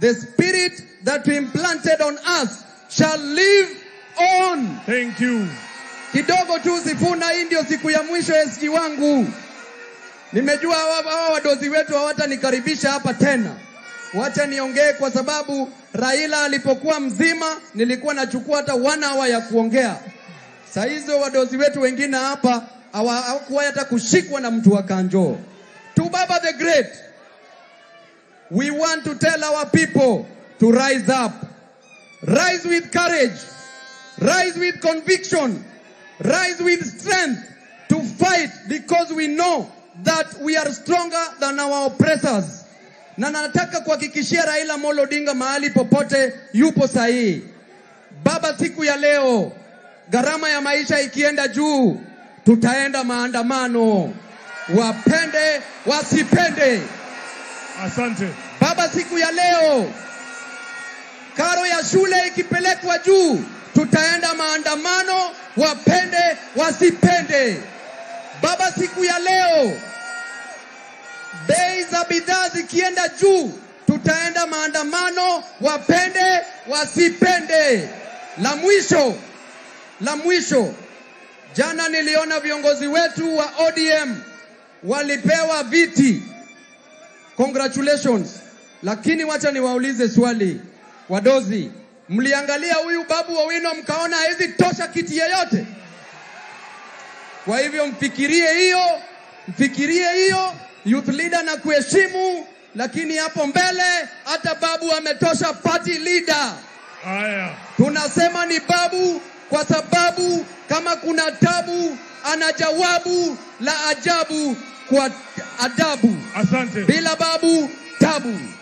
the spirit that you implanted on us shall live on. Thank you. Kidogo tu zifuna hii ndio siku ya mwisho SG wangu. Nimejua hawa wadozi wetu hawatanikaribisha hapa tena. Wacha niongee kwa sababu Raila alipokuwa mzima nilikuwa nachukua hata one hour ya kuongea. Saa hizo wadozi wetu wengine hapa hawakuwa hata kushikwa na mtu wa kanjo. To baba the great We want to tell our people to rise up. Rise with courage. Rise with conviction. Rise with strength to fight because we know that we are stronger than our oppressors. Na nataka kuhakikishia Raila Molo Odinga mahali popote yupo sahihi. Baba, siku ya leo gharama ya maisha ikienda juu, tutaenda maandamano, wapende wasipende. Asante Baba, siku ya leo karo ya shule ikipelekwa juu, tutaenda maandamano, wapende wasipende. Baba, siku ya leo bei za bidhaa zikienda juu, tutaenda maandamano, wapende wasipende. La mwisho, la mwisho, jana niliona viongozi wetu wa ODM walipewa viti Congratulations. Lakini wacha niwaulize swali, wadozi, mliangalia huyu Babu wino mkaona hawezi tosha kiti yeyote? Kwa hivyo mfikirie hiyo, mfikirie hiyo youth leader na kuheshimu, lakini hapo mbele hata Babu ametosha party leader. tunasema ni Babu kwa sababu kama kuna tabu, ana jawabu la ajabu kwa adabu. Asante. Bila babu tabu.